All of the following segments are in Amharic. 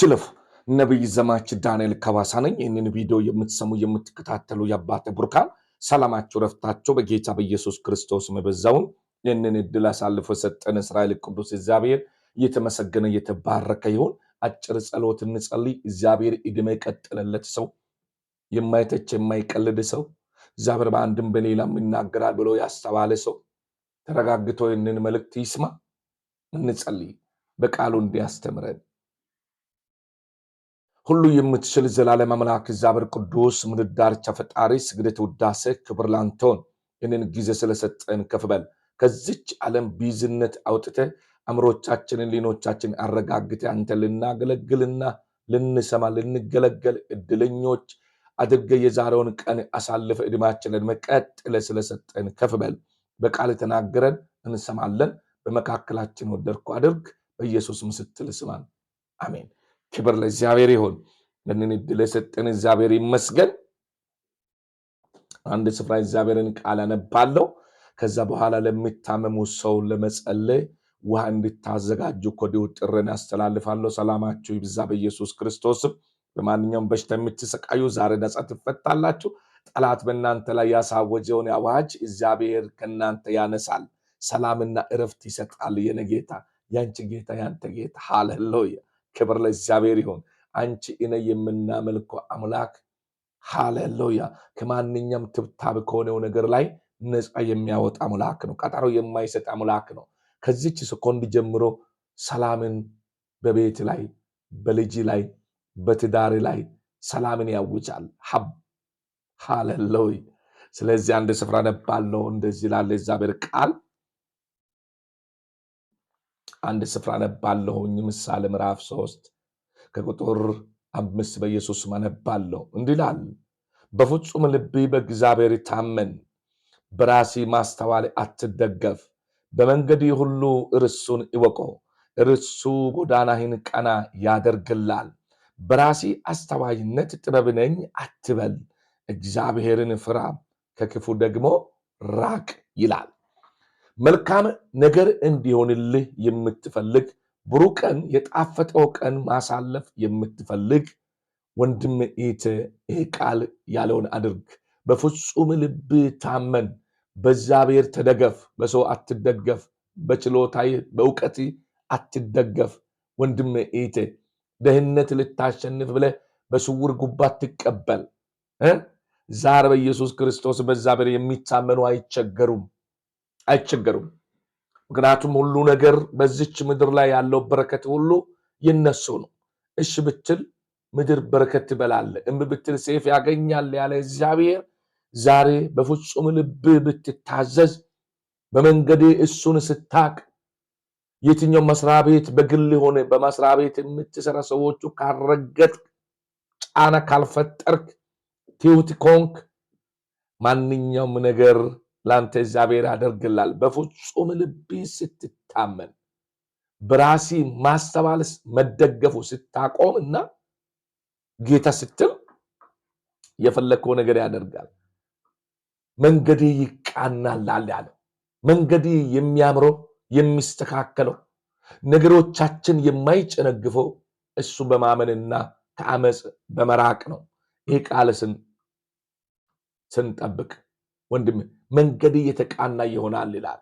አችልፍ ነቢይ ዘማች ዳንኤል ከባሳ ነኝ። ይህንን ቪዲዮ የምትሰሙ የምትከታተሉ የአባተ ቡርካን ሰላማቸው ረፍታቸው በጌታ በኢየሱስ ክርስቶስ መበዛውን ይህንን እድል አሳልፎ የሰጠን እስራኤል ቅዱስ እግዚአብሔር እየተመሰገነ እየተባረከ ይሁን። አጭር ጸሎት እንጸልይ። እግዚአብሔር እድሜ የቀጠለለት ሰው፣ የማይተች የማይቀልድ ሰው፣ እግዚአብሔር በአንድም በሌላም ይናገራል ብሎ ያስተባለ ሰው ተረጋግቶ ይህንን መልእክት ይስማ። እንጸልይ በቃሉ እንዲያስተምረን ሁሉ የምትችል ዘላለም አምላክ እግዚአብሔር ቅዱስ ምድር ዳርቻ ፈጣሪ ስግደት፣ ውዳሴ፣ ክብር ላንተውን ይህንን ጊዜ ስለሰጠን ከፍበል ከዚች ዓለም ቢዝነት አውጥተ አእምሮቻችንን ሊኖቻችን አረጋግተ አንተ ልናገለግልና ልንሰማ ልንገለገል እድለኞች አድርገ የዛሬውን ቀን አሳልፈ ዕድማችንን መቀጥለ ስለሰጠን ከፍበል በቃል የተናገረን እንሰማለን። በመካከላችን ወደርኩ አድርግ በኢየሱስ ምስትል ስማን። አሜን። ክብር ለእግዚአብሔር ይሁን። ለንን እድል የሰጠን እግዚአብሔር ይመስገን። አንድ ስፍራ እግዚአብሔርን ቃል አነባለሁ። ከዛ በኋላ ለሚታመሙ ሰው ለመጸለይ ውሃ እንድታዘጋጁ ከወዲሁ ጥርን ያስተላልፋለሁ። ሰላማችሁ ይብዛ በኢየሱስ ክርስቶስም። በማንኛውም በሽታ የምትሰቃዩ ዛሬ ነጻ ትፈታላችሁ። ጠላት በእናንተ ላይ ያሳወጀውን አዋጅ እግዚአብሔር ከእናንተ ያነሳል። ሰላምና እረፍት ይሰጣል። የኔ ጌታ ያንቺ ጌታ ያንተ ጌታ ሃሌሉያ ክብር ለእግዚአብሔር ይሁን። አንቺ እኔ የምናመልከው አምላክ ሃሌሉያ ከማንኛውም ትብታብ ከሆነው ነገር ላይ ነፃ የሚያወጣ አምላክ ነው። ቀጠሮ የማይሰጥ አምላክ ነው። ከዚች ሰኮንድ ጀምሮ ሰላምን በቤት ላይ፣ በልጅ ላይ፣ በትዳር ላይ ሰላምን ያውጃል። ሀብ ሃሌሉይ። ስለዚህ አንድ ስፍራ ነባለው እንደዚህ ላለ እግዚአብሔር ቃል አንድ ስፍራ ነባለሁኝ ምሳሌ ምዕራፍ ሶስት ከቁጥር አምስት በኢየሱስ መነባለሁ እንዲላል በፍጹም ልቢ በእግዚአብሔር ታመን፣ በራሲ ማስተዋል አትደገፍ። በመንገድ ሁሉ እርሱን እወቆ፣ እርሱ ጎዳናህን ቀና ያደርግላል። በራሲ አስተዋይነት ጥበብ ነኝ አትበል፣ እግዚአብሔርን ፍራ፣ ከክፉ ደግሞ ራቅ ይላል። መልካም ነገር እንዲሆንልህ የምትፈልግ ብሩህ ቀን፣ የጣፈጠው ቀን ማሳለፍ የምትፈልግ ወንድም ኢት ይህ ቃል ያለውን አድርግ። በፍጹም ልብ ታመን፣ በእግዚአብሔር ተደገፍ፣ በሰው አትደገፍ፣ በችሎታ በእውቀት አትደገፍ። ወንድም ኢት ደህንነት ልታሸንፍ ብለህ በስውር ጉባ ትቀበል። ዛር በኢየሱስ ክርስቶስ በእግዚአብሔር የሚታመኑ አይቸገሩም። አይቸገሩም። ምክንያቱም ሁሉ ነገር በዚች ምድር ላይ ያለው በረከት ሁሉ የነሱ ነው። እሺ ብትል ምድር በረከት ትበላለ፣ እምቢ ብትል ሰይፍ ያገኛል ያለ እግዚአብሔር ዛሬ በፍጹም ልብ ብትታዘዝ፣ በመንገድ እሱን ስታቅ፣ የትኛው መስሪያ ቤት በግል ሆነ በመስሪያ ቤት የምትሰራ ሰዎቹ ካልረገጥ፣ ጫና ካልፈጠርክ፣ ትሁት ኮንክ ማንኛውም ነገር ለአንተ እግዚአብሔር ያደርግላል። በፍጹም ልብ ስትታመን በራሲ ማስተባለስ መደገፉ ስታቆም እና ጌታ ስትል የፈለግከው ነገር ያደርጋል። መንገድ ይቃናል ያለ መንገዴ የሚያምረው የሚስተካከለው፣ ነገሮቻችን የማይጨነግፈው እሱ በማመንና ከአመፅ በመራቅ ነው። ይህ ቃል ስንጠብቅ ወንድም መንገድ የተቃና ይሆናል ይላል።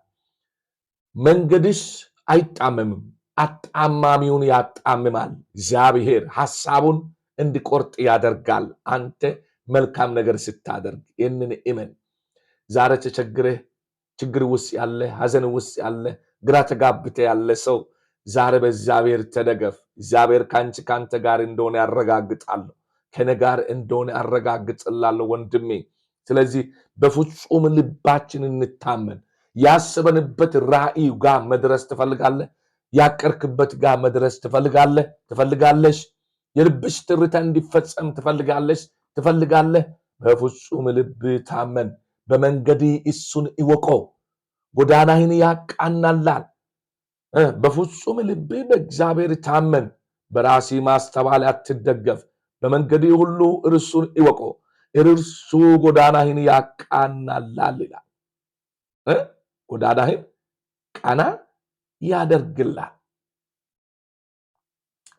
መንገድስ አይጣመምም፣ አጣማሚውን ያጣምማል። እግዚአብሔር ሐሳቡን እንዲቆርጥ ያደርጋል። አንተ መልካም ነገር ስታደርግ ይህንን እመን። ዛሬ ተቸግረህ ችግር ውስጥ ያለ ሐዘን ውስጥ ያለ ግራ ተጋብተ ያለ ሰው ዛሬ በእግዚአብሔር ተደገፍ። እግዚአብሔር ከአንቺ ከአንተ ጋር እንደሆነ ያረጋግጣለሁ። ከነ ጋር እንደሆነ አረጋግጥላለሁ ወንድሜ ስለዚህ በፍጹም ልባችን እንታመን። ያስበንበት ራእዩ ጋር መድረስ ትፈልጋለህ? ያቀርክበት ጋር መድረስ ትፈልጋለህ? ትፈልጋለሽ? የልብሽ ትርታ እንዲፈጸም ትፈልጋለሽ? ትፈልጋለህ? በፍጹም ልብ ታመን። በመንገድ እሱን ይወቆ፣ ጎዳናህን ያቃናላል። በፍጹም ልብ በእግዚአብሔር ታመን። በራሲ ማስተባል አትደገፍ። በመንገድ ሁሉ እርሱን ይወቆ። እርሱ ጎዳናህን ያቃናላል ይላል። ጎዳናህን ቀና ያደርግላል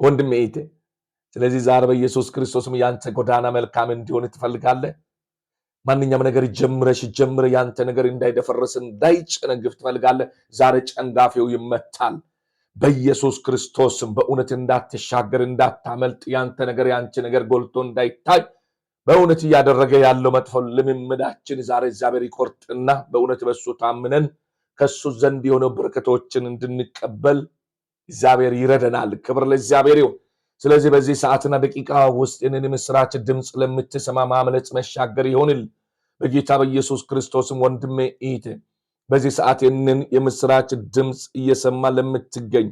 ወንድሜ እህቴ። ስለዚህ ዛሬ በኢየሱስ ክርስቶስም ያንተ ጎዳና መልካም እንዲሆን ትፈልጋለህ። ማንኛውም ነገር ጀምረሽ ጀምረ ያንተ ነገር እንዳይደፈረስ እንዳይጨነግፍ ትፈልጋለህ። ዛሬ ጨንጋፊው ይመታል በኢየሱስ ክርስቶስም። በእውነት እንዳትሻገር እንዳታመልጥ፣ ያንተ ነገር ያንቺ ነገር ጎልቶ እንዳይታይ በእውነት እያደረገ ያለው መጥፎ ልምምዳችን ዛሬ እግዚአብሔር ይቆርጥና በእውነት በሱ ታምነን ከሱ ዘንድ የሆነው በረከቶችን እንድንቀበል እግዚአብሔር ይረደናል። ክብር ለእግዚአብሔር ይሁን። ስለዚህ በዚህ ሰዓትና ደቂቃ ውስጥ ይህንን የምስራች ድምፅ ለምትሰማ ማምለጽ መሻገር ይሆንል። በጌታ በኢየሱስ ክርስቶስም ወንድሜ እህቴ፣ በዚህ ሰዓት ይህንን የምስራች ድምፅ እየሰማ ለምትገኝ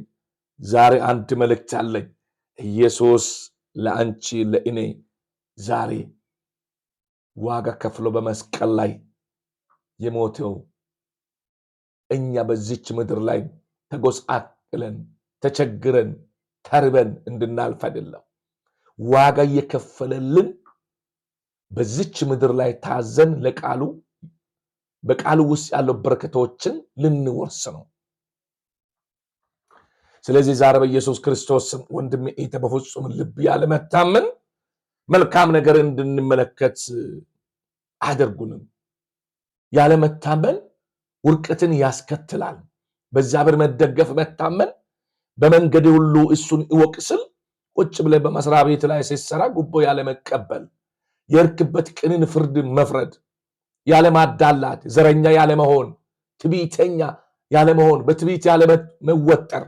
ዛሬ አንድ መልእክት አለኝ። ኢየሱስ ለአንቺ ለእኔ ዛሬ ዋጋ ከፍሎ በመስቀል ላይ የሞተው እኛ በዚች ምድር ላይ ተጎሳቅለን ተቸግረን ተርበን እንድናልፍ አይደለም። ዋጋ እየከፈለልን በዚች ምድር ላይ ታዘን ለቃሉ በቃሉ ውስጥ ያለው በረከቶችን ልንወርስ ነው። ስለዚህ ዛሬ በኢየሱስ ክርስቶስ ወንድም ወንድሜ ኢተ በፍጹም ልብ ያለመታመን መልካም ነገር እንድንመለከት አያደርጉንም። ያለመታመን ውርቀትን ያስከትላል። በእግዚአብሔር መደገፍ መታመን በመንገድ ሁሉ እሱን እወቅ ስል ቁጭ ብለን በመስሪያ ቤት ላይ ሲሰራ ጉቦ ያለመቀበል፣ የእርክበት ቅንን ፍርድ መፍረድ፣ ያለማዳላት፣ ዘረኛ ያለመሆን፣ ትዕቢተኛ ያለመሆን፣ በትቢት ያለመወጠር።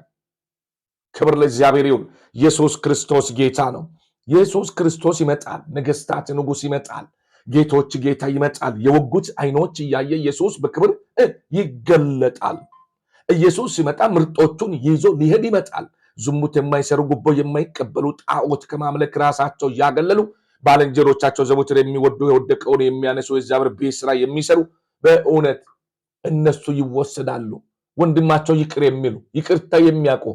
ክብር ለእግዚአብሔር ይሁን። ኢየሱስ ክርስቶስ ጌታ ነው። ኢየሱስ ክርስቶስ ይመጣል። ነገስታት ንጉስ ይመጣል። ጌቶች ጌታ ይመጣል። የወጉት አይኖች እያየ ኢየሱስ በክብር ይገለጣል። ኢየሱስ ሲመጣ ምርጦቹን ይዞ ሊሄድ ይመጣል። ዝሙት የማይሰሩ ጉቦ የማይቀበሉ ጣዖት ከማምለክ ራሳቸው እያገለሉ ባልንጀሮቻቸው ዘወትር የሚወዱ የወደቀውን የሚያነሱ የእግዚአብሔር ቤት ስራ የሚሰሩ በእውነት እነሱ ይወሰዳሉ። ወንድማቸው ይቅር የሚሉ ይቅርታ የሚያውቁ